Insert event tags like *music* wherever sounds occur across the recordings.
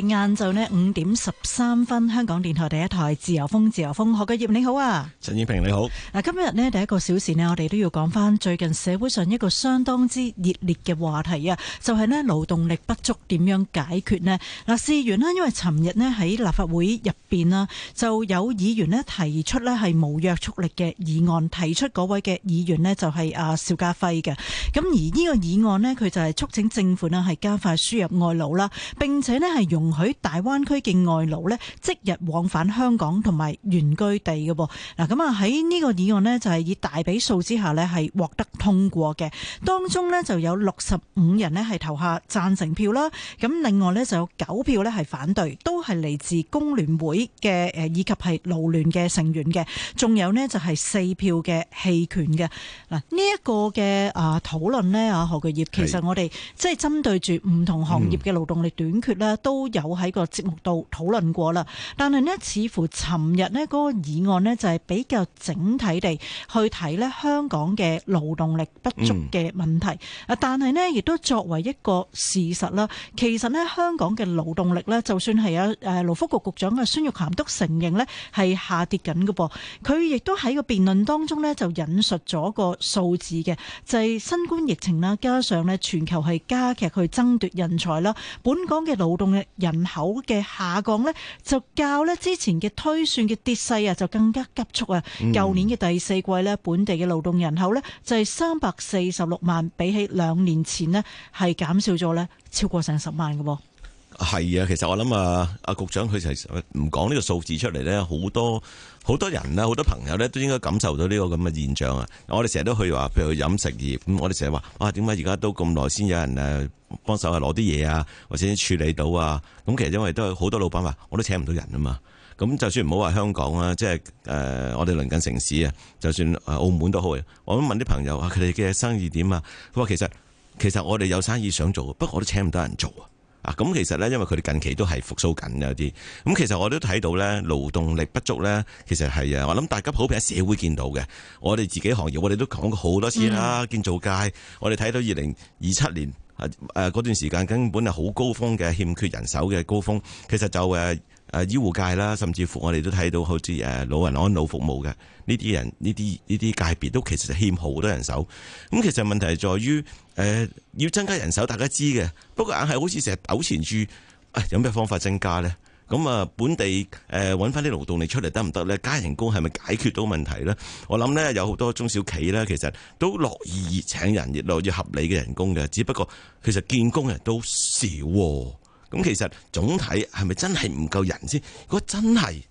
晏晝呢，五點十三分，香港電台第一台自由風，自由風學葉，何桂葉你好啊，陳燕平，你好。嗱，今日呢，第一個小時呢，我哋都要講返最近社會上一個相當之熱烈嘅話題啊，就係呢勞動力不足點樣解決呢。嗱，事源啦，因為尋日呢喺立法會入邊啦，就有議員呢提出呢係冇約束力嘅議案，提出嗰位嘅議員呢就係阿邵家輝嘅。咁而呢個議案呢，佢就係促請政府呢係加快輸入外勞啦，並且呢係用。容許大灣區境外勞呢即日往返香港同埋原居地嘅喎。嗱咁啊喺呢個議案呢，就係以大比數之下呢，係獲得通過嘅，當中呢，就有六十五人呢，係投下贊成票啦，咁另外呢，就有九票呢，係反對，都係嚟自工聯會嘅誒以及係勞聯嘅成員嘅，仲有呢，就係四票嘅棄權嘅嗱呢一個嘅啊討論呢，啊何巨業其實我哋即係針對住唔同行業嘅勞動力短缺啦都。有喺個節目度討論過啦，但係呢，似乎尋日呢嗰個議案呢，就係比較整體地去睇呢，香港嘅勞動力不足嘅問題啊、嗯，但係呢，亦都作為一個事實啦，其實呢，香港嘅勞動力呢，就算係有誒勞福局局長嘅孫玉菡都承認呢係下跌緊噶噃，佢亦都喺個辯論當中呢，就引述咗個數字嘅，就係、是、新冠疫情啦，加上呢，全球係加劇去爭奪人才啦，本港嘅勞動力。人口嘅下降呢，就較呢之前嘅推算嘅跌勢啊，就更加急速啊！舊、嗯、年嘅第四季呢，本地嘅勞動人口呢，就係三百四十六萬，比起兩年前呢，係減少咗呢超過成十萬嘅。係啊，其實我諗啊，阿局長佢就唔講呢個數字出嚟呢。好多好多人啊，好多朋友呢都應該感受到呢個咁嘅現象啊。我哋成日都去話，譬如飲食業，咁我哋成日話，哇、啊，點解而家都咁耐先有人誒幫手去攞啲嘢啊，或者處理到啊？咁其實因為都有好多老闆話，我都請唔到人啊嘛。咁就算唔好話香港啊，即係誒，我哋鄰近城市啊，就算澳門都好，我都問啲朋友佢哋嘅生意點啊，佢話其實其實我哋有生意想做，不過我都請唔到人做啊。啊，咁其實咧，因為佢哋近期都係復甦緊有啲，咁其實我都睇到咧，勞動力不足咧，其實係啊，我諗大家普遍喺社會見到嘅，我哋自己行業，我哋都講過好多次啦，建造界，我哋睇到二零二七年啊誒嗰段時間根本係好高峰嘅欠缺人手嘅高峰。其實就誒。誒，醫護界啦，甚至乎我哋都睇到，好似誒老人安老服務嘅呢啲人，呢啲呢啲界別都其實欠好多人手。咁其實問題在於，誒、呃、要增加人手，大家知嘅。不過硬係好似成日糾纏住，啊、哎、有咩方法增加咧？咁啊，本地誒搵翻啲勞動力出嚟得唔得咧？加人工係咪解決到問題咧？我諗咧有好多中小企啦，其實都樂意請人，樂意合理嘅人工嘅。只不過其實見工人都少。咁其實總體係咪真係唔夠人先？如果真係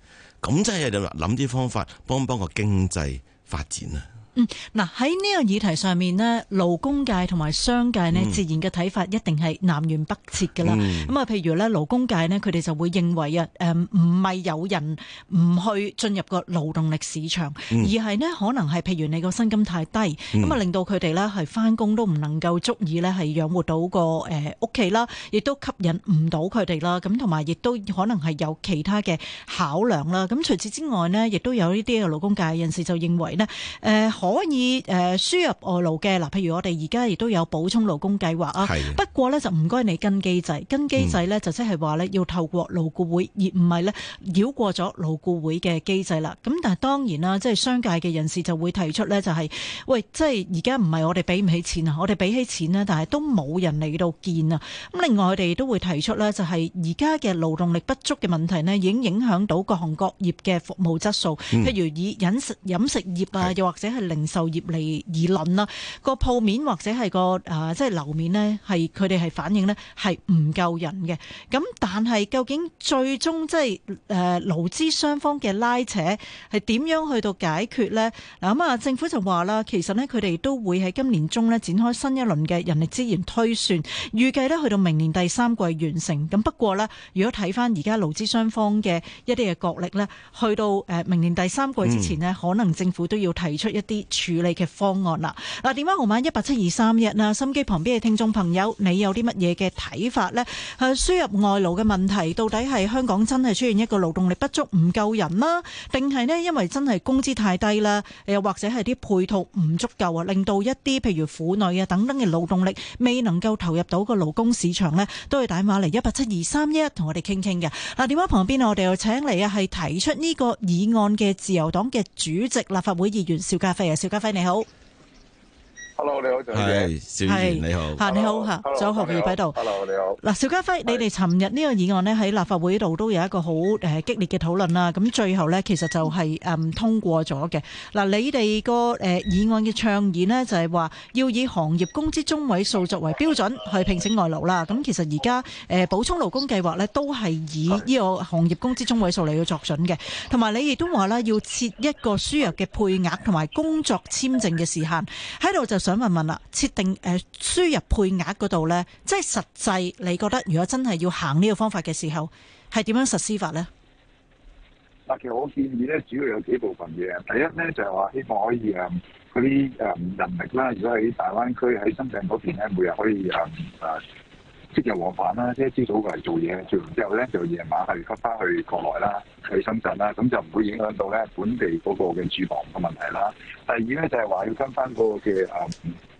咁，真係要諗啲方法幫幫個經濟發展啊！嗯，嗱喺呢個議題上面咧，勞工界同埋商界咧，自然嘅睇法一定係南轅北轍噶啦。咁、嗯、啊，譬如咧，勞工界咧，佢哋就會認為啊，誒唔係有人唔去進入個勞動力市場，嗯、而係咧可能係譬如你個薪金太低，咁、嗯、啊令到佢哋咧係返工都唔能夠足以咧係養活到個誒屋企啦，亦都吸引唔到佢哋啦。咁同埋亦都可能係有其他嘅考量啦。咁除此之外咧，亦都有呢啲嘅勞工界人士就認為咧，誒、呃。可以誒、呃、輸入外勞嘅嗱，譬如我哋而家亦都有補充勞工計劃啊。不過呢，就唔該你跟機制，跟機制呢，嗯、就即係話呢，要透過勞顧會，而唔係呢，繞過咗勞顧會嘅機制啦。咁但係當然啦，即係商界嘅人士就會提出呢，就係、是、喂，即係而家唔係我哋俾唔起錢啊，我哋俾起錢呢，但係都冇人嚟到見啊。咁另外我哋都會提出呢，就係而家嘅勞動力不足嘅問題呢，已經影響到各行各業嘅服務質素，譬如以飲食飲食業啊，又、嗯、或者係零售業嚟而論啦，個鋪面或者係個誒即係樓面咧，係佢哋係反映咧係唔夠人嘅。咁但係究竟最終即係誒勞資雙方嘅拉扯係點樣去到解決咧？嗱咁啊，政府就話啦，其實咧佢哋都會喺今年中咧展開新一輪嘅人力資源推算，預計咧去到明年第三季完成。咁不過咧，如果睇翻而家勞資雙方嘅一啲嘅角力咧，去到誒明年第三季之前咧、嗯，可能政府都要提出一啲。處理嘅方案啦。嗱，電話號碼一八七二三一啦。心機旁邊嘅聽眾朋友，你有啲乜嘢嘅睇法呢？係輸入外勞嘅問題，到底係香港真係出現一個勞動力不足唔夠人啦，定係呢？因為真係工資太低啦？又或者係啲配套唔足夠啊，令到一啲譬如婦女啊等等嘅勞動力未能夠投入到個勞工市場呢，都可以打電話嚟一八七二三一同我哋傾傾嘅。嗱，電話旁邊我哋又請嚟啊，係提出呢個議案嘅自由黨嘅主席立法會議員邵家輝。誒，邵家輝你好。hello，你好，鄭議員係，你好，吓你好吓，張學義喺度。hello，你好。嗱，邵家輝，你哋尋日呢個議案呢喺立法會度都有一個好誒激烈嘅討論啦。咁最後呢其實就係誒通過咗嘅。嗱，你哋個誒議案嘅倡議呢就係話要以行業工資中位數作為標準去聘請外勞啦。咁其實而家誒補充勞工計劃呢都係以呢個行業工資中位數嚟到作準嘅。同埋，你亦都話啦，要設一個輸入嘅配額同埋工作簽證嘅時限喺度就。想問問啦，設定誒輸入配額嗰度咧，即係實際你覺得如果真係要行呢個方法嘅時候，係點樣實施法咧？嗱，其實我建議咧，主要有幾部分嘢。第一咧就係話，希望可以誒啲誒人力啦，如果喺大灣區喺深圳嗰邊咧，每日可以誒誒。即日往返啦，即係朝早過嚟做嘢，做完之後咧就夜晚係返翻去國內啦，去深圳啦，咁就唔會影響到咧本地嗰個嘅住房嘅問題啦。第二咧就係、是、話要跟翻、嗰個嘅誒。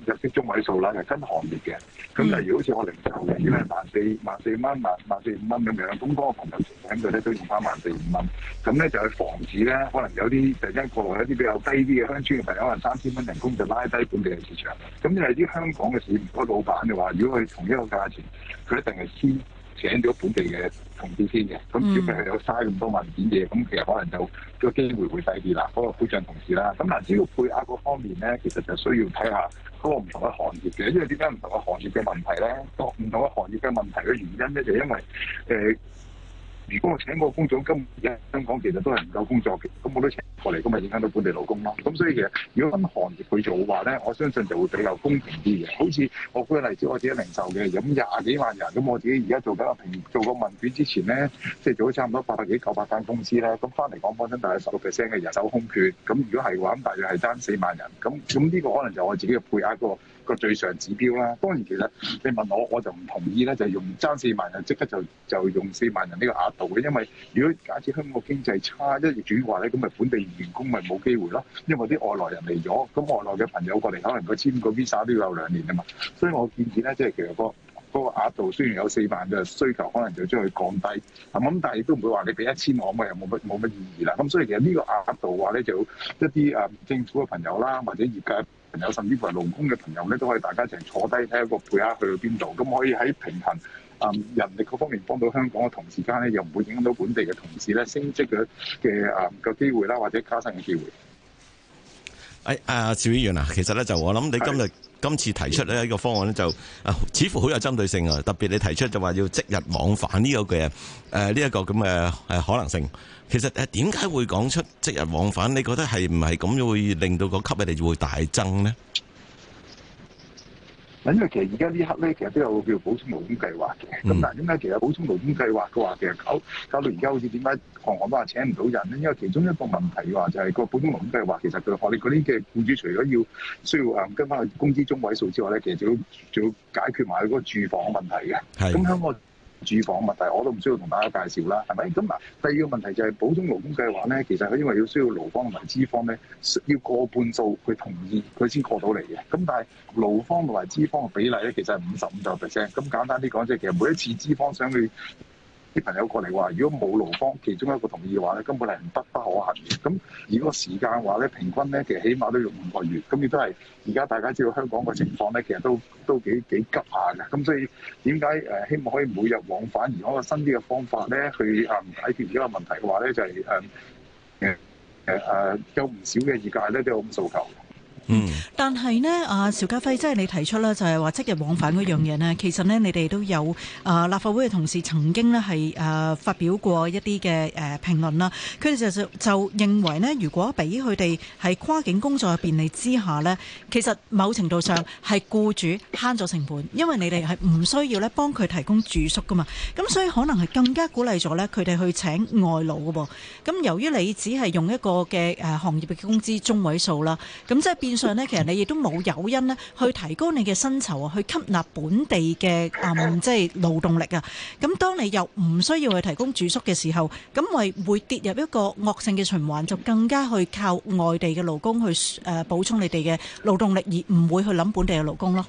就入息中位數啦，係新行業嘅。咁例如好似我零售，年已經係萬四萬四蚊，萬萬四五蚊咁樣。咁江嘅房又同樣嘅咧，都用翻萬四五蚊。咁咧就係防止咧，可能有啲突然間過嚟一啲比較低啲嘅鄉村嘅朋友，可能三千蚊人 3, 工就拉低本地嘅市場。咁就係啲香港嘅市，如果老闆就話，如果佢同一個價錢，佢一定係先。請咗本地嘅同事先嘅，咁主要係有嘥咁多文件嘢，咁其實可能就個機會了、嗰個、會細啲啦，嗰個保障同事啦，咁嗱，係只要配額嗰方面咧，其實就需要睇下嗰個唔同嘅行業嘅，因為點解唔同嘅行業嘅問題咧，各唔同嘅行業嘅問題嘅原因咧，就係、因為誒。呃如果我請嗰個工廠，根本香港其實都係唔夠工作嘅，咁我都請過嚟，咁咪影響到本地勞工咯。咁所以其實，如果分行業去做嘅話咧，我相信就會比較公平啲嘅。好似我舉個例子，我自己零售嘅，有廿幾萬人，咁我自己而家做緊，平做個問卷之前咧，即係做咗差唔多八百幾九百間公司啦。咁翻嚟講，本身大概十六 percent 嘅人手空缺，咁如果係嘅話，咁大概係爭四萬人。咁咁呢個可能就我自己嘅配額、嗰個。個最常指標啦，當然其實你問我，我就唔同意咧、就係，就用爭四萬人，即刻就就用四萬人呢個額度嘅，因為如果假設香港經濟差，一月轉嘅話咧，咁咪本地員工咪冇機會咯，因為啲外來人嚟咗，咁外來嘅朋友過嚟，可能佢簽個 visa 都要有兩年啊嘛，所以我建議咧，即、就、係、係、其實、嗰個嗰、嗰個額度雖然有四萬嘅需求，可能就將佢降低，咁但係亦都唔會話你俾一千我，咁又冇乜冇乜意義啦，咁所以其實呢個額度話咧就有一啲啊、嗯、政府嘅朋友啦，或者業界。有甚至乎係勞工嘅朋友咧，都可以大家一齊坐低睇下個配額去到邊度，咁可以喺平衡啊人力嗰方面幫到香港嘅同時間咧，又唔會影響到本地嘅同事咧升職嘅嘅啊個機會啦，或者加薪嘅機會。誒啊，邵議員啊，其實咧就我諗你今日今次提出咧一個方案咧，就似乎好有針對性啊。特別你提出就話要即日往返呢個嘅誒呢一個咁嘅誒可能性。其實誒點解會講出即日往返？你覺得係唔係咁樣會令到個吸引力會大增咧？因為其實而家呢刻咧，其實都有個叫補充勞工計劃嘅。咁、嗯、但係點解其實補充勞工計劃嘅話，其實搞搞到而家好似點解行行都話請唔到人咧？因為其中一個問題嘅話，就係、是、個補充勞工計劃其實佢我哋嗰啲嘅雇主除咗要需要誒跟翻去工資中位數之外咧，其實仲要仲要解決埋佢個住房問題嘅。咁香港。住房問題，但我都唔需要同大家介紹啦，係咪？咁嗱，第二個問題就係補充勞工計劃咧，其實佢因為要需要勞方同埋資方咧，要過半數佢同意佢先過到嚟嘅。咁但係勞方同埋資方嘅比例咧，其實係五十五個 percent。咁簡單啲講，即係其實每一次資方想去。啲朋友過嚟話，如果冇勞方其中一個同意嘅話咧，根本係不得不可行嘅。咁如果時間嘅話咧，平均咧其實起碼都要五個月。咁亦都係而家大家知道香港個情況咧，其實都都幾幾急下嘅。咁所以點解誒希望可以每日往返，而嗰個新啲嘅方法咧去誒解決而家個問題嘅話咧，就係誒誒誒誒有唔少嘅業界咧都有咁訴求。嗯，但係呢阿、啊、邵家輝即係你提出啦，就係話即日往返嗰樣嘢呢，其實呢你哋都有誒、呃、立法會嘅同事曾經呢係誒發表過一啲嘅誒評論啦。佢哋就就就認為呢，如果俾佢哋喺跨境工作嘅便利之下呢，其實某程度上係僱主慳咗成本，因為你哋係唔需要咧幫佢提供住宿噶嘛。咁所以可能係更加鼓勵咗呢佢哋去請外勞噶噃。咁由於你只係用一個嘅誒、呃、行業嘅工資中位數啦，咁即係變上咧，其實你亦都冇誘因咧，去提高你嘅薪酬啊，去吸納本地嘅誒，即係勞動力啊。咁當你又唔需要去提供住宿嘅時候，咁咪會跌入一個惡性嘅循環，就更加去靠外地嘅勞工去誒補充你哋嘅勞動力，而唔會去諗本地嘅勞工咯。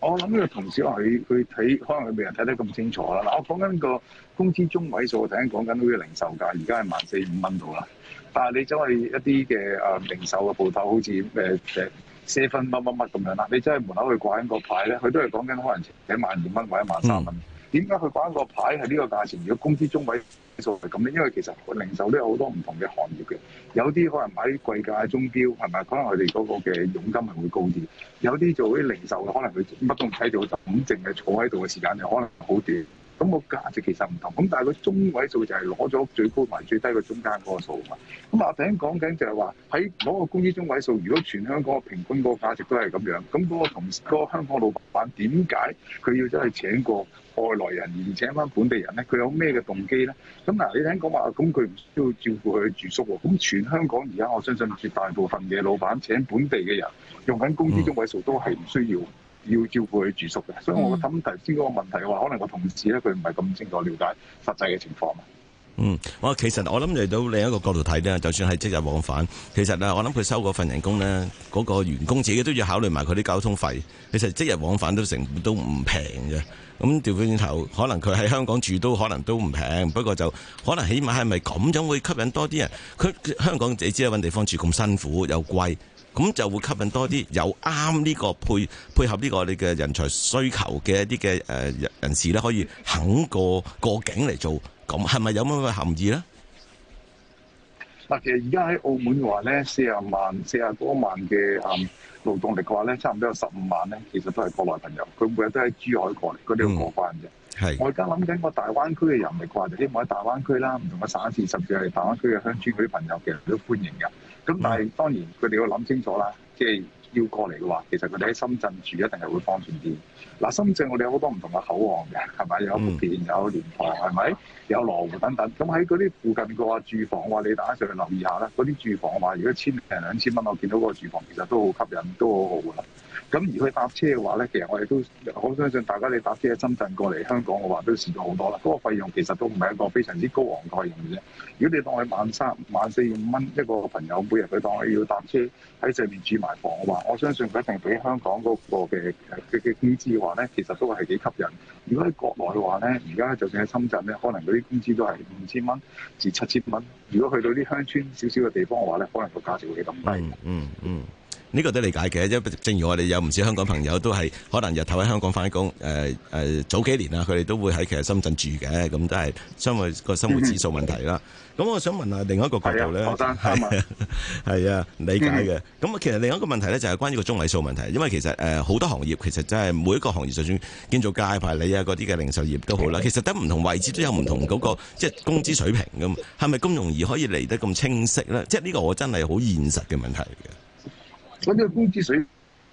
我諗呢個同事話，佢佢睇，可能佢冇人睇得咁清楚啦。嗱，我講緊個工資中位數，我聽講緊好似零售價，而家係萬四五蚊度啦。但係你走去一啲嘅誒零售嘅鋪頭，好似誒誒，分乜乜乜咁樣啦，你走去門口去掛緊個牌咧，佢都係講緊可能寫萬二蚊或者萬三蚊。點解佢掛緊個牌係呢個價錢？如果工資中位數係咁咧，因為其實零售都有好多唔同嘅行業嘅，有啲可能買啲貴價嘅鐘錶，係咪？可能佢哋嗰個嘅佣金係會高啲。有啲做啲零售嘅，可能佢乜都唔睇，就咁淨係坐喺度嘅時間，就可能好短。咁個價值其實唔同，咁但係佢中位數就係攞咗最高同最低嘅中間嗰個數啊嘛。咁阿頭講緊就係話，喺攞個工資中位數，如果全香港嘅平均個價值都係咁樣，咁個同、嗰個香港老闆點解佢要真係請個外來人，而請翻本地人咧？佢有咩嘅動機咧？咁嗱，你聽講話，咁佢唔需要照顧佢住宿喎。咁全香港而家我相信絕大部分嘅老闆請本地嘅人，用緊工資中位數都係唔需要。要照顧佢住宿嘅，所以我諗頭先嗰個問題嘅話，可能個同事咧佢唔係咁清楚瞭解實際嘅情況嘛。嗯，我其實我諗嚟到另一個角度睇咧，就算係即日往返，其實啊，我諗佢收嗰份人工咧，嗰個員工自己都要考慮埋佢啲交通費。其實即日往返都成本都唔平嘅。咁調翻轉頭，可能佢喺香港住都可能都唔平。不過就可能起碼係咪咁樣會吸引多啲人？佢香港自己知揾地方住咁辛苦又貴。咁就會吸引多啲有啱呢個配配合呢個你嘅人才需求嘅一啲嘅人士咧，可以肯過過境嚟做，咁係咪有咁嘅含義咧？嗱，其實而家喺澳門嘅話咧，四啊萬四啊多萬嘅嗯勞動力嘅話咧，差唔多有十五萬咧，其實都係國內朋友，佢每日都喺珠海過嚟，佢哋要過關嘅。係、嗯，我而家諗緊個大灣區嘅人嚟過嚟，希望喺大灣區啦，唔同嘅省市，甚至係大灣區嘅鄉村嗰啲朋友，其實都歡迎嘅。咁、嗯、但係當然，佢哋要諗清楚啦。即係要過嚟嘅話，其實佢哋喺深圳住一定係會方便啲。嗱，深圳我哋有好多唔同嘅口岸嘅，係咪？有福田、有蓮塘係咪，有羅湖等等。咁喺嗰啲附近嘅話，住房嘅話，你大家上去留意下啦。嗰啲住房話，如果千零兩千蚊，我見到嗰個住房其實都好吸引，都好好㗎。咁而佢搭車嘅話咧，其實我哋都好相信大家你搭車喺深圳過嚟香港嘅話，都少咗好多啦。嗰個費用其實都唔係一個非常之高昂嘅費用嘅啫。如果你當佢萬三萬四、五蚊一個朋友每日佢當佢要搭車喺上面住埋房嘅話，我相信佢一定比香港嗰個嘅嘅嘅工資嘅話咧，其實都係幾吸引。如果喺國內嘅話咧，而家就算喺深圳咧，可能嗰啲工資都係五千蚊至七千蚊。如果去到啲鄉村少少嘅地方嘅話咧，可能個價錢會幾咁低。嗯嗯。呢、這個都理解嘅，因正如我哋有唔少香港朋友都係可能日頭喺香港翻工，誒、呃、早幾年啊，佢哋都會喺其實深圳住嘅，咁都係生活個生活指數問題啦。咁我想問下另一個角度咧，係啊，我係啊，理解嘅。咁、嗯、其實另一個問題咧就係、是、關於個中位數問題，因為其實誒好、呃、多行業其實真係每一個行業，就算建造界排、排你啊嗰啲嘅零售業都好啦，其實得唔同位置都有唔同嗰、那個即係、就是、工資水平，咁係咪咁容易可以嚟得咁清晰咧？即係呢個我真係好現實嘅問題嚟嘅。嗰啲工資水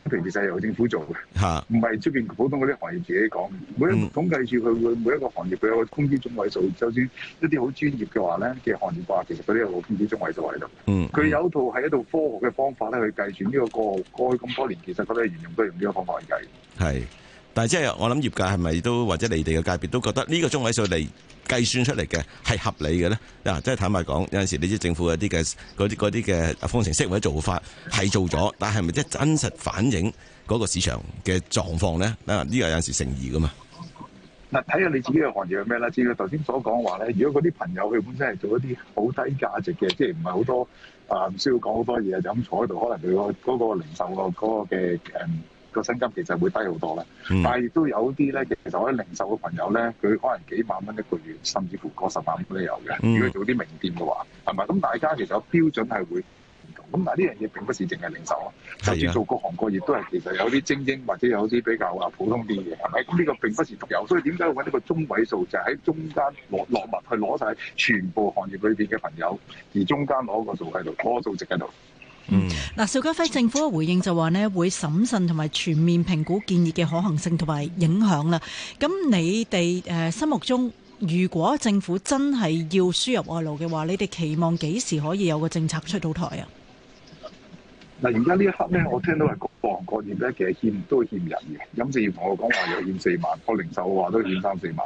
平其實係由政府做嘅，唔係出邊普通嗰啲行業自己講。每一個統計住，佢會每一個行業佢有個工資中位數，就算一啲好專業嘅話咧，嘅行業話其實嗰啲有個工資中位數喺度。嗯，佢有一套係一套科學嘅方法咧，去計算呢個過過去咁多年，其實佢都係沿用都係用呢個方法嚟計。係。但係即係我諗業界係咪都或者你哋嘅界別都覺得呢個中位數嚟計算出嚟嘅係合理嘅咧？嗱、啊，即係坦白講，有陣時你知政府啲嘅嗰啲啲嘅方程式或者做法係做咗，但係咪即係真實反映嗰個市場嘅狀況咧？啊，呢個有陣時誠疑噶嘛。嗱，睇下你自己嘅行業係咩啦。至於頭先所講話咧，如果嗰啲朋友佢本身係做一啲好低價值嘅，即係唔係好多啊？唔、呃、需要講好多嘢就咁坐喺度，可能佢、嗰個嗰個零售、嗰個嗰個嘅個薪金其實會低好多咧、嗯，但係亦都有啲咧，其實可以零售嘅朋友咧，佢可能幾萬蚊一個月，甚至乎過十萬蚊都有嘅、嗯。如果做啲名店嘅話，係咪？咁大家其實有標準係會唔同。咁但呢樣嘢並不是淨係零售咯，甚至做各行各業都係其實有啲精英或者有啲比較啊普通啲嘅，係咪？咁呢個並不是獨有，所以點解會揾呢個中位數就係喺中間落物去攞晒全部行業裏面嘅朋友，而中間攞個數喺度，攞個數值喺度。嗯，嗱，邵家輝政府嘅回應就話咧，會審慎同埋全面評估建議嘅可行性同埋影響啦。咁你哋誒心目中，如果政府真係要輸入外勞嘅話，你哋期望幾時可以有個政策出到台啊？嗱，而家呢一刻咧，我聽到係各行各業咧，其實欠都欠人嘅。飲食業同我講話有欠四萬，個零售話都有欠三四萬。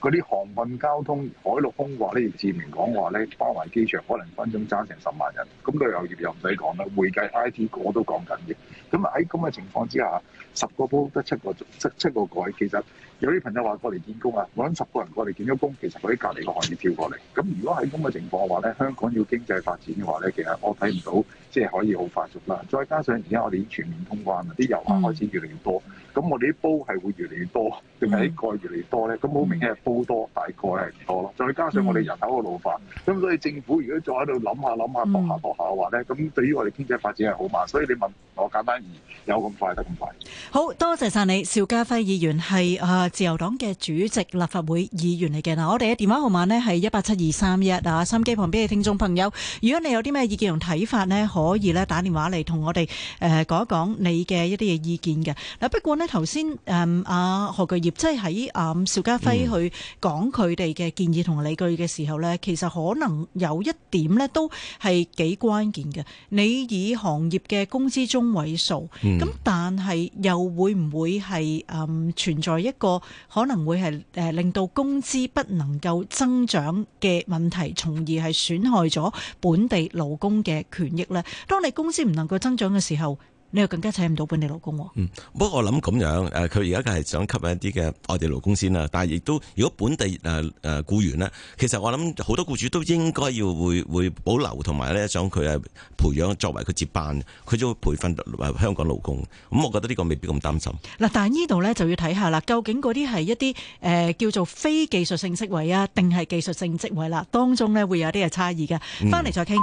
嗰啲航運交通、海陸空話咧，易志明講話咧，包埋機場可能分鐘爭成十萬人。咁個旅遊業又唔使講啦，會計、IT 我都講緊嘅。咁啊喺咁嘅情況之下，十個煲得七個七七個蓋，其實有啲朋友話過嚟見工啊。我諗十個人過嚟見咗工，其實嗰啲隔離行業跳過嚟。咁如果喺咁嘅情況嘅話咧，香港要經濟發展嘅話咧，其實我睇唔到即係可以好快速。再加上而家我哋已經全面通關了，啦，啲遊客開始越嚟越多，咁、嗯、我哋啲煲係會越嚟越多。仲係啲蓋越嚟越多咧，咁好明顯係煲多大概咧，係多咯。再加上我哋人口嘅老化，咁所以政府如果再喺度諗下諗下度下度下嘅話咧，咁對於我哋經濟發展係好慢。所以你問我簡單易有咁快得咁快，好多謝曬你，邵家輝議員係啊自由黨嘅主席，立法會議員嚟嘅。嗱，我哋嘅電話號碼咧係一八七二三一啊，收音機旁邊嘅聽眾朋友，如果你有啲咩意見同睇法咧，可以咧打電話嚟同我哋誒講一講你嘅一啲嘅意見嘅嗱。不過咧頭先誒啊何巨業。即係喺啊邵家輝去講佢哋嘅建議同理據嘅時候咧，其實可能有一點咧都係幾關鍵嘅。你以行業嘅工資中位數，咁但係又會唔會係啊存在一個可能會係誒令到工資不能夠增長嘅問題，從而係損害咗本地勞工嘅權益咧？當你工資唔能夠增長嘅時候。你又更加請唔到本地勞工喎？嗯，不過我諗咁樣，誒，佢而家佢係想吸引一啲嘅外地勞工先啦。但係亦都，如果本地誒誒僱員咧，其實我諗好多僱主都應該要會會保留同埋咧，想佢係培養作為佢接班，佢就會培訓誒香港勞工。咁我覺得呢個未必咁擔心。嗱，但係呢度咧就要睇下啦，究竟嗰啲係一啲誒叫做非技術性職位啊，定係技術性職位啦？當中咧會有啲嘅差異嘅。翻嚟再傾。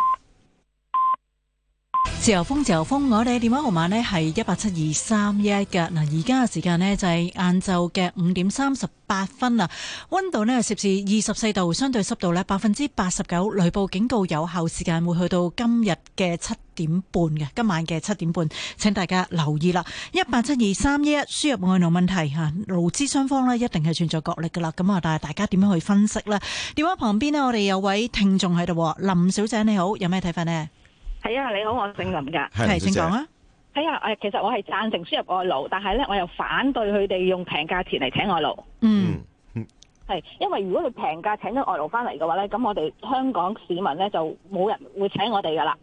自由風，自由風，我哋嘅電話號碼呢係一八七二三一一嘅。嗱，而家嘅時間呢，就係晏晝嘅五點三十八分啦。溫度呢，攝氏二十四度，相對濕度呢，百分之八十九，雷暴警告有效時間會去到今日嘅七點半嘅，今晚嘅七點半，請大家留意啦。一八七二三一一，輸入外勞問題吓，勞資雙方呢，一定係存在角力噶啦。咁啊，但係大家點樣去分析呢？電話旁邊呢，我哋有位聽眾喺度，林小姐你好，有咩睇法呢？」係啊，你好，我姓林噶。係，請講啊。係啊，誒，其實我係贊成輸入外勞，但係咧，我又反對佢哋用平價錢嚟請外勞。嗯，係，因為如果佢平價請咗外勞翻嚟嘅話咧，咁我哋香港市民咧就冇人會請我哋噶啦。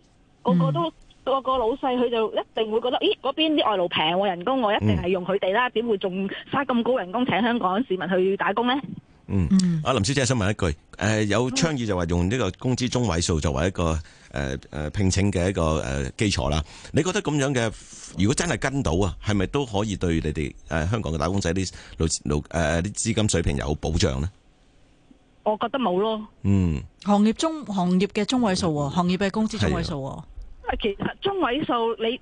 個個都、嗯、個個老細，佢就一定會覺得，咦，嗰邊啲外勞平喎，人工我一定係用佢哋啦。點、嗯、會仲花咁高人工請香港市民去打工咧？嗯，阿、嗯啊、林小姐想問一句，誒、呃，有倡議就話用呢個工資中位數作為一個。誒誒，聘請嘅一個誒基礎啦。你覺得咁樣嘅，如果真係跟到啊，係咪都可以對你哋誒香港嘅打工仔啲老老誒啲資金水平有保障呢？我覺得冇咯。嗯，行業中行業嘅中位數，行業嘅工資中位數。其實中位數你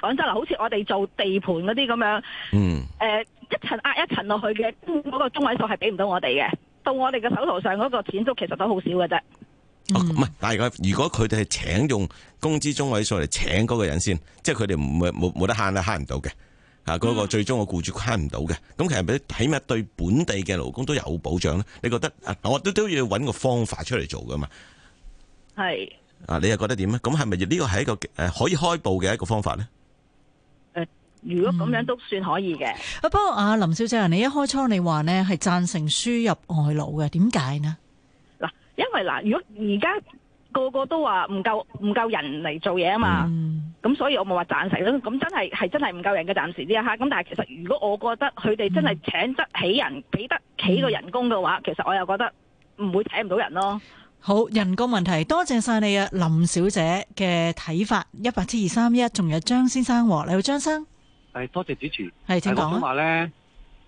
講真啦，好似我哋做地盤嗰啲咁樣。嗯。誒、呃、一層壓一層落去嘅，嗰、那個中位數係俾唔到我哋嘅。到我哋嘅手頭上嗰個錢都，其實都好少嘅啫。唔、嗯、係，但係如果佢哋係請用工資中位數嚟請嗰個人先，即係佢哋唔冇冇冇得慳咧慳唔到嘅，吓嗰個最終個雇主慳唔到嘅，咁其實起碼對本地嘅勞工都有保障咧？你覺得？啊、我都都要揾個方法出嚟做噶嘛？係啊，你又覺得點呢？咁係咪呢個係一個誒可以開步嘅一個方法呢？誒、呃，如果咁樣都算可以嘅、嗯啊，不過阿、啊、林小姐，你一開初你話呢係贊成輸入外勞嘅，點解呢？因為嗱，如果而家個個都話唔夠唔夠人嚟做嘢啊嘛，咁所以我冇話贊成咯。咁真係係真係唔夠人嘅暫時啲啊吓。咁但係其實如果我覺得佢哋真係請得起人，俾得起個人工嘅話，其實我又覺得唔會請唔到人咯。好，人工問題，多謝晒你啊，林小姐嘅睇法，一八七二三一，仲有張先生嚟到，張生，係多謝主持，係請講。我諗話咧，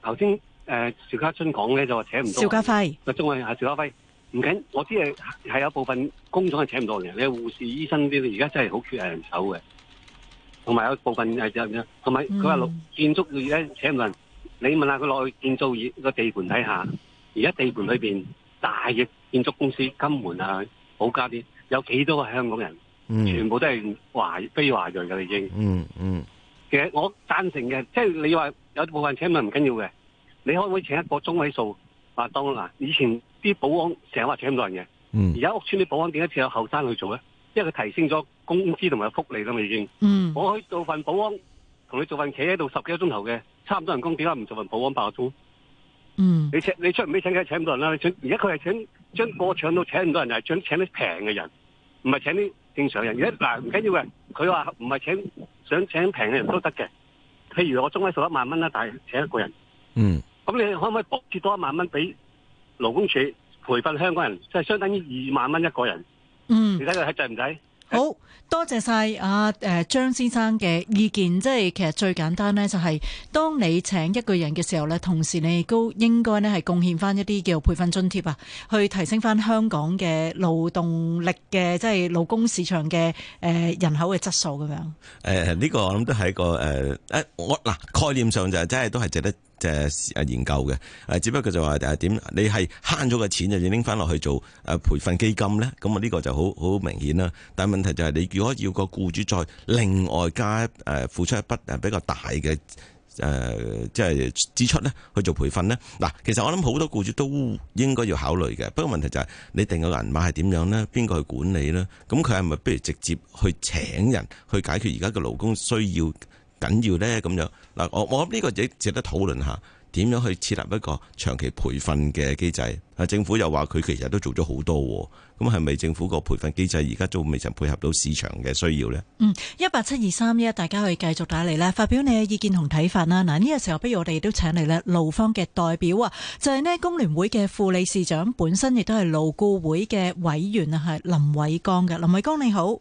頭先誒邵家春講咧就話請唔到，邵家輝，個中啊係邵家輝。唔緊，我知係有部分工廠係請唔到人，你護士、醫生啲，而家真係好缺人手嘅。同埋有，有部分係咁樣。同埋佢話落建築業家請唔到人，嗯，你問下佢落去建造業個地盤睇下，而家地盤裏面大嘅建築公司、嗯、金門啊、寶嘉啲，有幾多個香港人？嗯、全部都係華非華裔你已經。嗯嗯，其實我贊成嘅，即、就、係、是、你話有部分請唔到人唔緊要嘅，你可唔可以請一個中位數？話當嗱，以前啲保安成日話請唔到人嘅，而、嗯、家屋村啲保安點解有後生去做咧？因為佢提升咗工資同埋福利啦，嘛。已經、嗯。我可以做份保安，同你做份企喺度十幾個鐘頭嘅，差唔多人工，點解唔做份保安八個鐘？嗯，你請你出唔起請嘅請唔到人啦。你而家佢係請將個搶到請唔到人，係將請啲平嘅人，唔係、呃、請啲正常人。而家嗱唔緊要嘅，佢話唔係請想請平嘅人都得嘅。譬如我中位數一萬蚊啦，但係請一個人。嗯。咁你可唔可以博注多一萬蚊俾勞工處培訓香港人，即係相當於二萬蚊一個人。嗯，你睇佢係制唔制？好，多謝晒阿誒張先生嘅意見，即係其實最簡單咧，就係當你請一個人嘅時候咧，同時你亦都應該咧係貢獻翻一啲叫培訓津貼啊，去提升翻香港嘅勞動力嘅即係勞工市場嘅誒人口嘅質素咁樣。誒，呢個我諗都係一個誒誒，我嗱概念上就係真係都係值得就係研究嘅，誒，只不過就話誒點，你係慳咗個錢就拎翻落去做誒培訓基金呢。咁啊呢個就好好明顯啦。但係問題就係，你如果要個僱主再另外加誒付出一筆比較大嘅誒，即係支出咧去做培訓呢，嗱，其實我諗好多僱主都應該要考慮嘅。不過問題就係，你定個銀碼係點樣呢？邊個去管理呢？咁佢係咪不如直接去請人去解決而家嘅勞工需要？緊要呢？咁樣，嗱，我我諗呢個值得討論下，點樣去設立一個長期培訓嘅機制？啊，政府又話佢其實都做咗好多，咁係咪政府個培訓機制而家仲未曾配合到市場嘅需要呢？嗯，一八七二三一，大家可以繼續打嚟啦，發表你嘅意見同睇法啦。嗱，呢個時候不如我哋都請嚟咧勞方嘅代表啊，就係、是、呢工聯會嘅副理事長，本身亦都係勞僱會嘅委員啊，係林偉江嘅。林偉江你好。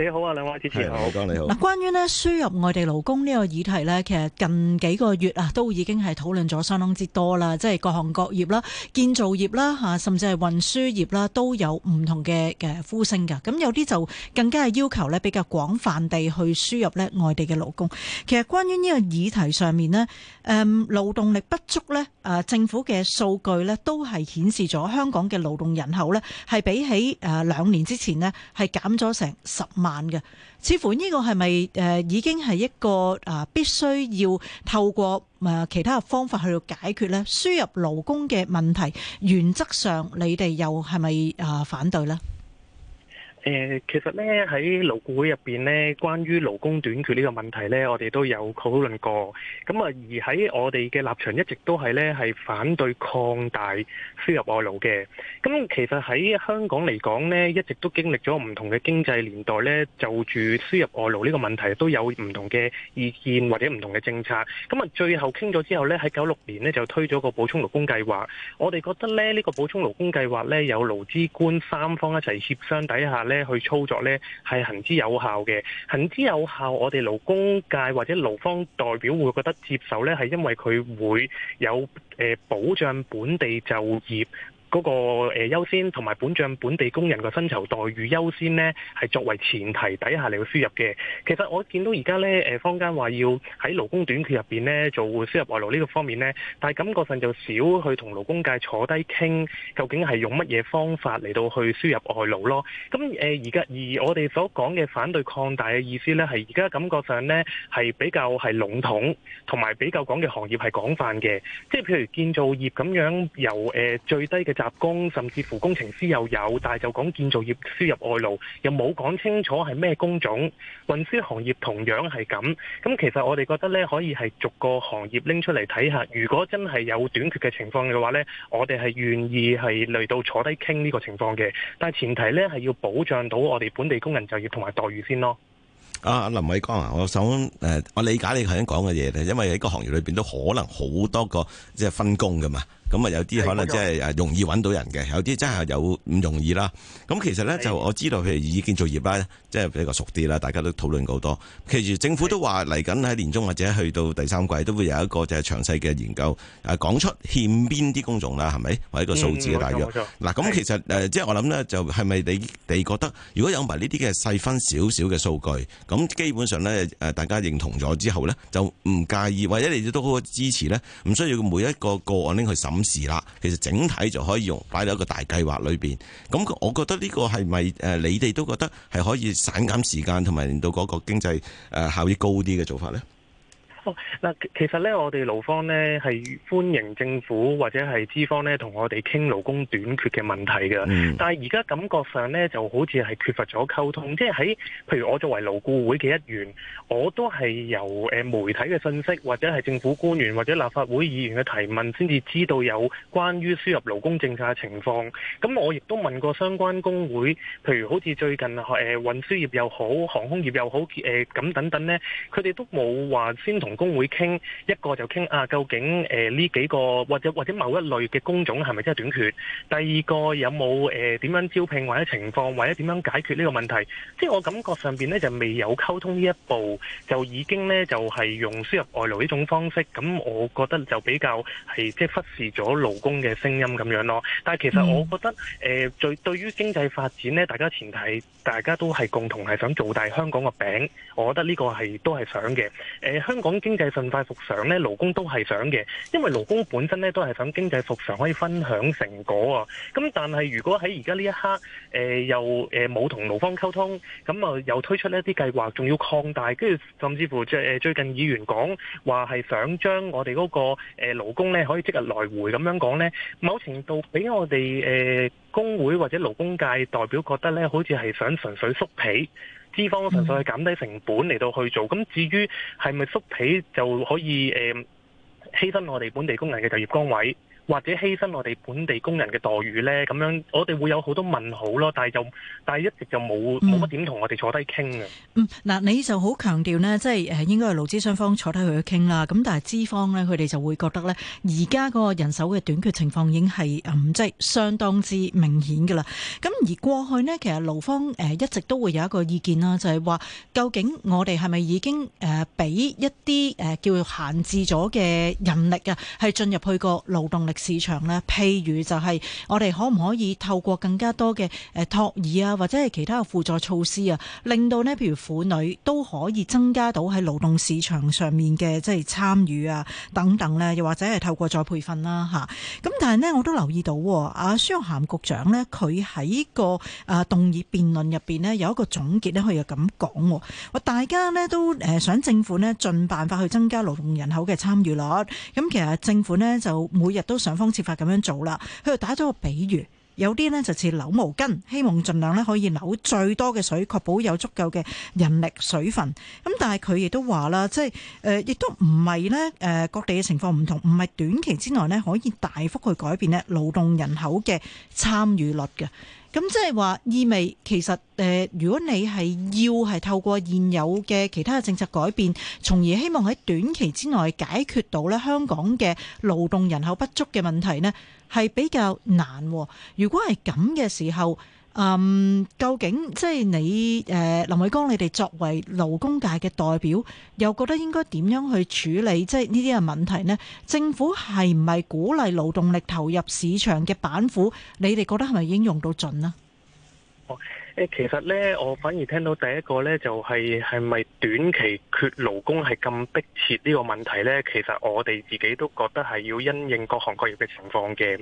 你好啊，兩位主持啊，好你好。嗱，關於咧輸入外地勞工呢個議題咧，其實近幾個月啊，都已經係討論咗相當之多啦。即係各行各業啦、建造業啦、吓，甚至係運輸業啦，都有唔同嘅嘅呼聲噶。咁有啲就更加係要求咧，比較廣泛地去輸入咧外地嘅勞工。其實關於呢個議題上面咧，誒、嗯、勞動力不足咧，誒政府嘅數據咧都係顯示咗香港嘅勞動人口咧係比起誒兩年之前咧係減咗成十萬。嘅，似乎呢個係咪誒已經係一個啊必須要透過誒其他嘅方法去解決輸入勞工嘅問題，原則上你哋又係咪啊反對呢？誒，其實呢，喺勞僱會入邊呢，關於勞工短缺呢個問題呢，我哋都有討論過。咁啊，而喺我哋嘅立場一直都係呢，係反對擴大輸入外勞嘅。咁其實喺香港嚟講呢，一直都經歷咗唔同嘅經濟年代呢，就住輸入外勞呢個問題都有唔同嘅意見或者唔同嘅政策。咁啊，最後傾咗之後呢，喺九六年呢，就推咗個補充勞工計劃。我哋覺得呢，呢個補充勞工計劃呢，有勞資官三方一齊協商底下呢。咧去操作咧，係行之有效嘅，行之有效，我哋勞工界或者勞方代表會覺得接受咧，係因為佢會有誒保障本地就業。嗰、那個誒優先同埋本帳本地工人嘅薪酬待遇優先咧，係作為前提底下嚟到輸入嘅。其實我見到而家咧誒坊間話要喺勞工短缺入邊咧做輸入外勞呢個方面咧，但係感覺上就少去同勞工界坐低傾，究竟係用乜嘢方法嚟到去輸入外勞咯？咁誒而家而我哋所講嘅反對擴大嘅意思咧，係而家感覺上咧係比較係籠統同埋比較講嘅行業係廣泛嘅，即係譬如建造業咁樣由誒、呃、最低嘅雜工甚至乎工程師又有，但係就講建造業輸入外勞又冇講清楚係咩工種，運輸行業同樣係咁。咁其實我哋覺得咧，可以係逐個行業拎出嚟睇下，如果真係有短缺嘅情況嘅話咧，我哋係願意係嚟到坐低傾呢個情況嘅。但係前提咧係要保障到我哋本地工人就業同埋待遇先咯。啊，林偉江啊，我想誒、呃，我理解你頭先講嘅嘢咧，因為喺個行業裏邊都可能好多個即係分工噶嘛。咁啊，有啲可能即係容易揾到人嘅，有啲真係有唔容易啦。咁其實咧，就我知道譬如以建造業啦，即係比較熟啲啦，大家都討論好多。其實政府都話嚟緊喺年中或者去到第三季都會有一個即係詳細嘅研究，誒講出欠邊啲工種啦，係咪或一個數字嘅大約嗱，咁、嗯、其實誒即係我諗咧，就係咪你哋覺得如果有埋呢啲嘅細分少少嘅數據，咁基本上咧誒大家認同咗之後咧，就唔介意，或者你都好支持咧，唔需要每一個個案拎去審。咁時啦，其實整體就可以用擺到一個大計劃裏邊。咁我覺得呢個係咪誒你哋都覺得係可以省減時間，同埋令到嗰個經濟誒效益高啲嘅做法呢？嗱、哦，其實咧，我哋勞方咧係歡迎政府或者係資方咧同我哋傾勞工短缺嘅問題嘅。Mm. 但係而家感覺上咧，就好似係缺乏咗溝通。即係喺譬如我作為勞僱會嘅一員，我都係由媒體嘅信息或者係政府官員或者立法會議員嘅提問先至知道有關於輸入勞工政策嘅情況。咁我亦都問過相關工會，譬如好似最近誒、呃、運輸業又好、航空業又好誒咁、呃、等等咧，佢哋都冇話先同工會傾一個就傾啊，究竟誒呢、呃、幾個或者或者某一類嘅工種係咪真係短缺？第二個有冇誒點樣招聘或者情況或者點樣解決呢個問題，即係我感覺上邊咧就未有溝通呢一步，就已經咧就係用輸入外勞呢種方式。咁我覺得就比較係即係忽視咗勞工嘅聲音咁樣咯。但係其實我覺得誒最、mm. 呃、對，對於經濟發展咧，大家前提大家都係共同係想做大香港個餅，我覺得呢個係都係想嘅。誒、呃、香港經濟盡快復常咧，勞工都係想嘅，因為勞工本身咧都係想經濟復常可以分享成果啊。咁但係如果喺而家呢一刻，呃、又冇同勞方溝通，咁啊又推出呢啲計劃，仲要擴大，跟住甚至乎最近議員講話係想將我哋嗰個勞工咧可以即日來回咁樣講咧，某程度俾我哋誒工會或者勞工界代表覺得呢好似係想純粹縮皮。資方純粹係減低成本嚟到去做，咁至於係咪縮皮就可以誒犧牲我哋本地工人嘅就業崗位？或者犧牲我哋本地工人嘅待遇呢，咁樣我哋會有好多問號咯。但係就，但係一直就冇冇乜點同我哋坐低傾嘅。嗯，嗱、嗯，你就好強調呢，即係誒應該係勞資雙方坐低去傾啦。咁但係資方呢，佢哋就會覺得呢，而家嗰個人手嘅短缺情況已經係唔即係相當之明顯噶啦。咁而過去呢，其實勞方誒一直都會有一個意見啦，就係、是、話究竟我哋係咪已經誒俾一啲誒叫做限制咗嘅人力啊，係進入去個勞動力？市場呢，譬如就係我哋可唔可以透過更加多嘅誒托兒啊，或者係其他嘅輔助措施啊，令到呢，譬如婦女都可以增加到喺勞動市場上面嘅即係參與啊等等呢，又或者係透過再培訓啦吓。咁但係呢，我都留意到阿孫玉菡局長呢，佢喺個啊動議辯論入面呢，有一個總結呢，佢又咁講喎：「大家呢，都想政府呢盡辦法去增加勞動人口嘅參與率。」咁其實政府呢，就每日都想。想方設法咁樣做啦，佢又打咗個比喻，有啲呢就似扭毛巾，希望盡量呢可以扭最多嘅水，確保有足夠嘅人力水分。咁但係佢亦都話啦，即係誒，亦、呃、都唔係呢誒，各地嘅情況唔同，唔係短期之內呢可以大幅去改變呢勞動人口嘅參與率嘅。咁即係話意味其實誒、呃，如果你係要係透過現有嘅其他嘅政策改變，從而希望喺短期之內解決到咧香港嘅勞動人口不足嘅問題呢係比較難。如果係咁嘅時候。嗯，究竟即係你誒林偉江，你哋作為勞工界嘅代表，又覺得應該點樣去處理即係呢啲嘅問題呢？政府係唔係鼓勵勞動力投入市場嘅板斧？你哋覺得係咪已用到盡啦？其實呢，我反而聽到第一個呢，就係係咪短期缺勞工係咁迫切呢個問題呢？其實我哋自己都覺得係要因應各行各業嘅情況嘅。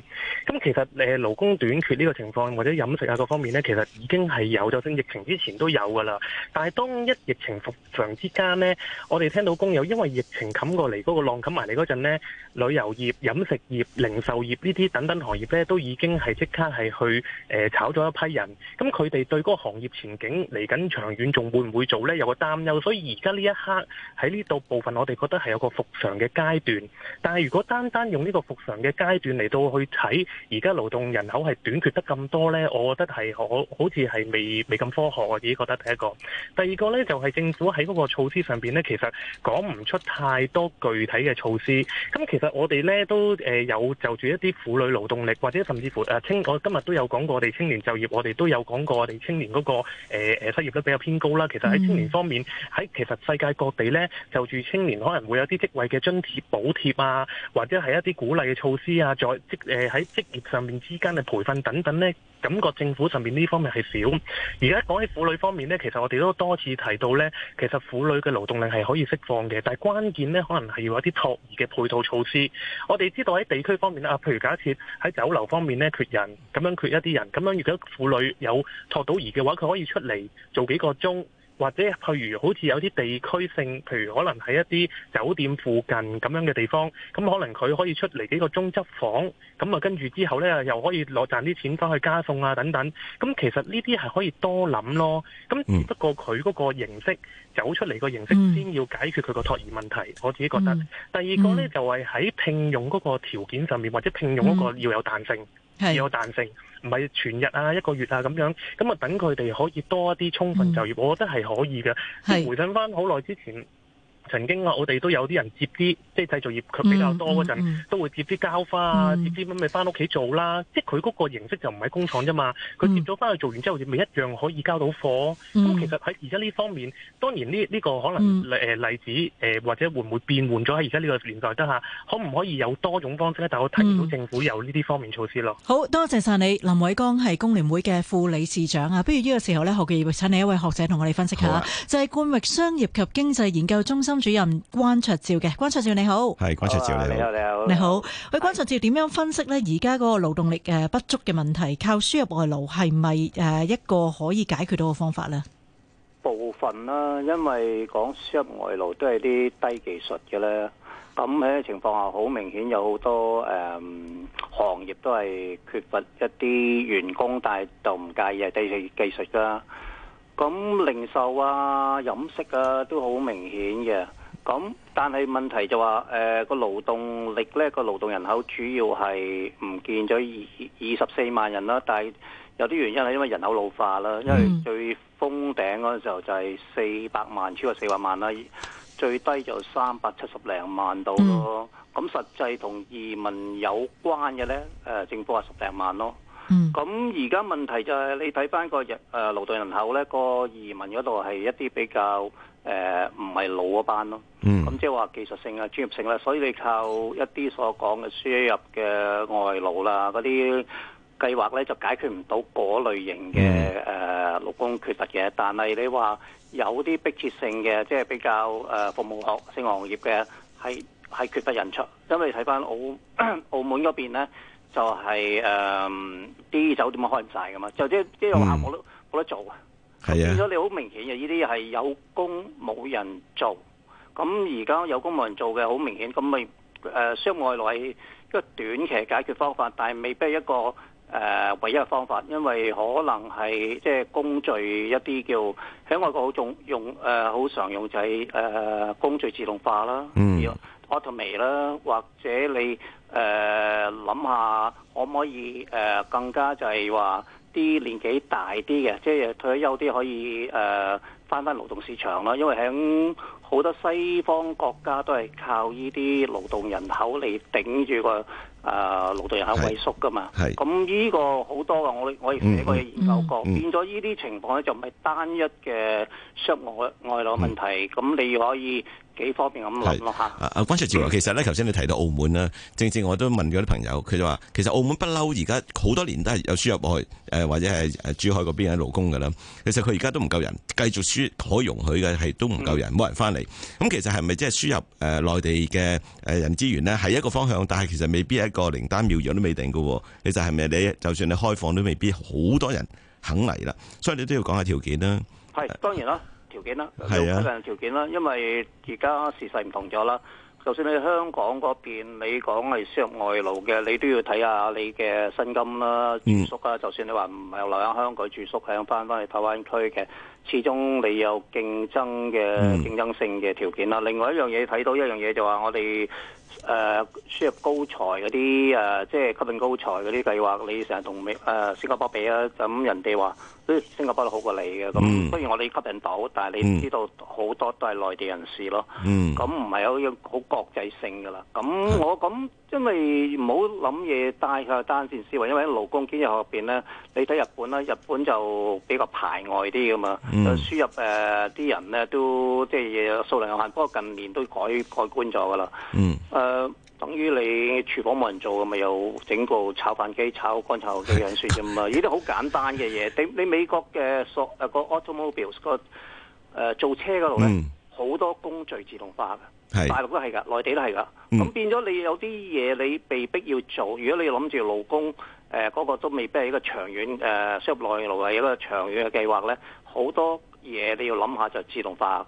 咁其實誒勞工短缺呢個情況，或者飲食啊各方面呢，其實已經係有咗，就算疫情之前都有㗎啦。但係當一疫情復常之間呢，我哋聽到工友因為疫情冚過嚟嗰個浪冚埋嚟嗰陣呢，旅遊業、飲食業、零售業呢啲等等行業呢，都已經係即刻係去誒炒咗一批人。咁佢哋對嗰個行業前景嚟緊長遠仲會唔會做呢？有個擔憂，所以而家呢一刻喺呢度部分，我哋覺得係有個復常嘅階段。但係如果單單用呢個復常嘅階段嚟到去睇，而家勞動人口係短缺得咁多呢，我覺得係好似係未未咁科學。我自己覺得第一個，第二個呢，就係政府喺嗰個措施上邊呢，其實講唔出太多具體嘅措施。咁其實我哋呢都誒有就住一啲婦女勞動力，或者甚至乎誒青，清，我今日都有講過我哋青年就業，我哋都有講過我哋青。青年嗰個誒誒失業率比較偏高啦，其實喺青年方面，喺其實世界各地咧，就住青年可能會有啲職位嘅津貼補貼啊，或者係一啲鼓勵嘅措施啊，在職誒喺職業上面之間嘅培訓等等咧，感覺政府上面呢方面係少。而家講起婦女方面咧，其實我哋都多次提到咧，其實婦女嘅勞動力係可以釋放嘅，但係關鍵咧，可能係要有啲托兒嘅配套措施。我哋知道喺地區方面啊，譬如假設喺酒樓方面咧缺人，咁樣，缺一啲人，咁樣，如果婦女有托到嘅話，佢可以出嚟做幾個鐘，或者譬如好似有啲地區性，譬如可能喺一啲酒店附近咁樣嘅地方，咁可能佢可以出嚟幾個鐘執房，咁啊跟住之後咧又可以攞賺啲錢翻去加餸啊等等。咁其實呢啲係可以多諗咯。咁只不過佢嗰個形式走出嚟個形式，形式先要解決佢個托兒問題，我自己覺得第二個咧就係、是、喺聘用嗰個條件上面或者聘用嗰個要有彈性。係有彈性，唔係全日啊，一個月啊咁樣，咁啊等佢哋可以多一啲充分就業，嗯、我覺得係可以嘅。係、回想翻好耐之前。曾經我哋都有啲人接啲即係製造業佢比較多嗰陣、嗯嗯，都會接啲膠花啊、嗯，接啲咁嘅翻屋企做啦。即係佢嗰個形式就唔係工廠啫嘛。佢接咗翻去做完之後，咪一樣可以交到貨。咁、嗯、其實喺而家呢方面，當然呢呢個可能例例子誒、嗯，或者會唔會變換咗喺而家呢個年代得下，可唔可以有多種方式咧？但我睇唔到政府有呢啲方面措施咯。好多謝晒你，林偉江係工聯會嘅副理事長啊。不如呢個時候咧，我嘅請你一位學者同我哋分析一下，啊、就係、是、冠域商業及經濟研究中心。主任關焯照嘅，關焯照你好，係關焯照你好，你好，你好。喂，關焯照點樣分析咧？而家嗰個勞動力嘅不足嘅問題，靠輸入外勞係咪誒一個可以解決到嘅方法咧？部分啦，因為講輸入外勞都係啲低技術嘅啦。咁喺情況下，好明顯有好多誒行業都係缺乏一啲員工，但係就唔介意低技術噶咁零售啊、飲食啊都好明顯嘅。咁但係問題就話，誒、呃、個勞動力咧，個勞動人口主要係唔見咗二二十四萬人啦。但係有啲原因係因為人口老化啦，因為最封頂嗰時候就係四百萬超過四百萬啦，最低就三百七十零萬度咯。咁、嗯、實際同移民有關嘅咧、呃，政府話十零萬咯。嗯，咁而家問題就係你睇翻個人誒勞動人口咧，個移民嗰度係一啲比較誒唔係老嗰班咯。嗯，咁即係話技術性啊、專業性啦，所以你靠一啲所講嘅輸入嘅外勞啦，嗰啲計劃咧就解決唔到嗰類型嘅誒勞工缺乏嘅。但係你話有啲迫切性嘅，即係比較誒服務學性行業嘅，係係缺乏人出，因為睇翻澳澳門嗰邊咧。就係誒啲酒店開唔晒㗎嘛，就啲啲客冇得冇、嗯、得做得啊，變咗你好明顯嘅呢啲係有工冇人做，咁而家有工冇人做嘅好明顯，咁咪誒輸外勞一個短期解決方法，但係未必一個誒、呃、唯一方法，因為可能係即係工序一啲叫喺外國好重用誒好、呃、常用就係、是、誒、呃、工序自動化啦，嗯。Automation 啦，或者你誒諗、呃、下可唔可以誒、呃、更加就係話啲年紀大啲嘅，即、就、係、是、退咗休啲可以誒翻翻勞動市場啦。因為喺好多西方國家都係靠呢啲勞動人口嚟頂住個誒勞動人口萎縮噶嘛。咁呢個好多嘅，我我以寫有個研究過，嗯嗯嗯、變咗呢啲情況咧就唔係單一嘅外外勞問題，咁、嗯、你可以。幾方便咁攞咯嚇？阿、啊、關焯照，其實咧，頭先你提到澳門咧、嗯，正正我都問咗啲朋友，佢就話其實澳門不嬲，而家好多年都係有輸入去或者係誒珠海嗰邊嘅勞工噶啦。其實佢而家都唔夠人，繼續輸可容許嘅係都唔夠人，冇、嗯、人翻嚟。咁、嗯、其實係咪即係輸入誒內地嘅人資源咧？係一個方向，但係其實未必係一個靈丹妙藥都未定㗎喎。其實係咪你就算你開放都未必好多人肯嚟啦？所以你都要講下條件啦。係當然啦。呃是啊、嗯嗯嗯條件啦，有幾樣條件啦，因為而家時勢唔同咗啦、啊。就算你喺香港嗰邊，你講係輸入外勞嘅，你都要睇下你嘅薪金啦、住宿啦。就算你話唔係留喺香港住宿，喺翻翻去台灣區嘅，始終你有競爭嘅、嗯嗯、競爭性嘅條件啦、啊。另外一樣嘢睇到一樣嘢就話我哋。誒、呃、輸入高才嗰啲誒，即係吸引高才嗰啲計劃，你成日同美誒、呃、新加坡比啊，咁人哋話啲新加坡都好過你嘅，咁、嗯、雖然我哋吸引到，但係你知道好多都係內地人士咯，咁唔係好有好國際性㗎啦。咁我咁因為唔好諗嘢，帶佢去單線思維，因為勞工經濟學入邊咧，你睇日本啦，日本就比較排外啲㗎嘛，嗯、所以輸入誒啲、呃、人咧都即係數量有限，不過近年都改改觀咗㗎啦。嗯。誒、呃，等於你廚房冇人做，咪有整部炒飯機、炒乾炒機樣說啫嘛？依啲好簡單嘅嘢。你你美國嘅所個 automobiles 個誒做車嗰度咧，好、嗯、多工序自動化嘅，大陸都係㗎，內地都係㗎。咁、嗯、變咗你有啲嘢你被逼要做，如果你諗住勞工誒嗰、呃那個都未必係一個長遠誒、呃、輸入外勞嚟，一個長遠嘅計劃咧，好多嘢你要諗下就自動化。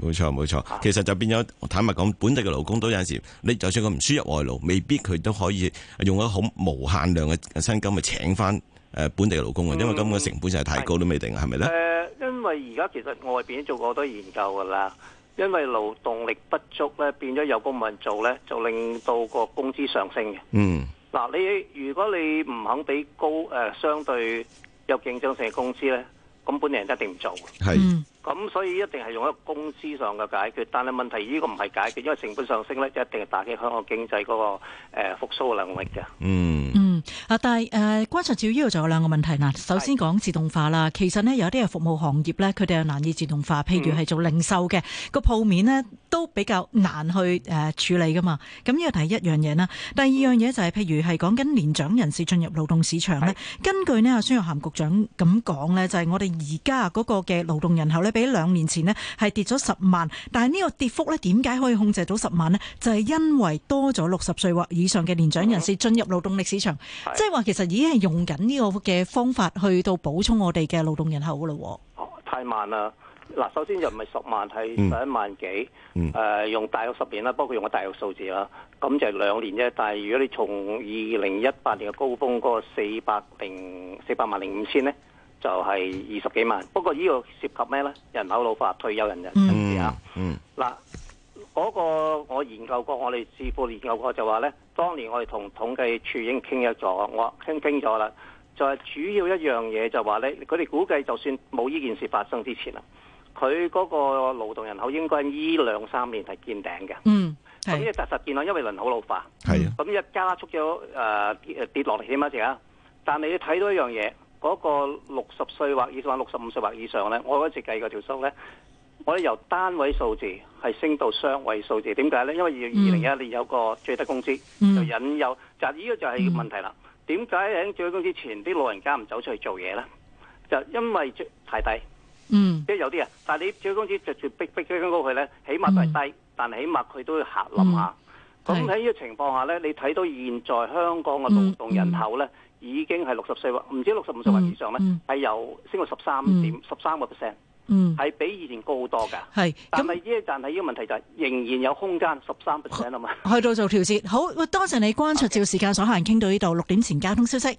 冇錯冇錯，其實就變咗坦白講，本地嘅勞工都有陣時，你就算佢唔輸入外勞，未必佢都可以用一個好無限量嘅薪金去請翻誒本地嘅勞工啊，因為咁嘅成本就係太高都未定，係咪咧？誒，因為而家其實外邊做過好多研究噶啦，因為勞動力不足咧，變咗有工冇人做咧，就令到個工資上升嘅。嗯，嗱，你如果你唔肯俾高誒相對有競爭性嘅工資咧，咁本地人都一定唔做嘅。係。咁、嗯、所以一定係用喺工資上嘅解決，但係問題呢個唔係解決，因為成本上升咧，一定係打擊香港經濟嗰、那個誒、呃、復甦嘅能力嘅。嗯嗯啊，但係誒，關焯照呢度就有兩個問題嗱，首先講自動化啦，其實呢，有啲係服務行業咧，佢哋又難以自動化，譬如係做零售嘅個鋪面呢。都比較難去誒處理噶嘛，咁呢個第一樣嘢啦。第二樣嘢就係、是，譬如係講緊年長人士進入勞動市場咧。根據呢阿孫玉菡局長咁講呢就係、是、我哋而家嗰個嘅勞動人口呢比兩年前呢係跌咗十萬。但係呢個跌幅呢點解可以控制到十萬呢？就係、是、因為多咗六十歲或以上嘅年長人士進入勞動力市場，是即係話其實已經係用緊呢個嘅方法去到補充我哋嘅勞動人口噶啦。太慢啦。嗱，首先就唔係十萬，係十一萬幾。誒、嗯嗯呃，用大約十年啦，包括用個大約數字啦。咁就係兩年啫。但係如果你從二零一八年嘅高峰嗰、那個四百零四百萬零五千咧，就係、是、二十幾萬。不過呢個涉及咩咧？人口老化、退休人人士、嗯嗯、啊。嗱，嗰個我研究過，我哋政府研究過就話咧，當年我哋同統計處已經傾一咗，我傾傾咗啦。就係、是、主要一樣嘢就話咧，佢哋估計就算冇呢件事發生之前啊。佢嗰個勞動人口應該依兩三年係見頂嘅，咁、嗯、亦實實見到，因為人口老化。係啊，咁一加速咗誒、呃、跌跌落嚟點啊？請啊！但係你睇到一樣嘢，嗰、那個六十歲或以上、六十五歲或以上咧，我嗰時計個條數咧，我由單位數字係升到雙位數字，點解咧？因為二零一一年有個最低工資、嗯，就引誘就呢、是、個就係問題啦。點解喺最低工資前啲老人家唔走出去做嘢咧？就因為太低。嗯，即係有啲人，但係你少工資著住逼逼住高佢咧，起碼係低，嗯、但係起碼佢都要吓冧下。咁喺呢個情況下咧，你睇到現在香港嘅勞動人口咧，已經係六十歲或唔知六十五歲或以上咧，係由升到十三點十三個 percent，係比以前高好多噶。係，但係只係暫係呢個問題就係仍然有空間十三 percent 啊嘛。 *laughs* 去到做調節，好，多謝你關焯照時間所限，傾到呢度，六點前交通消息。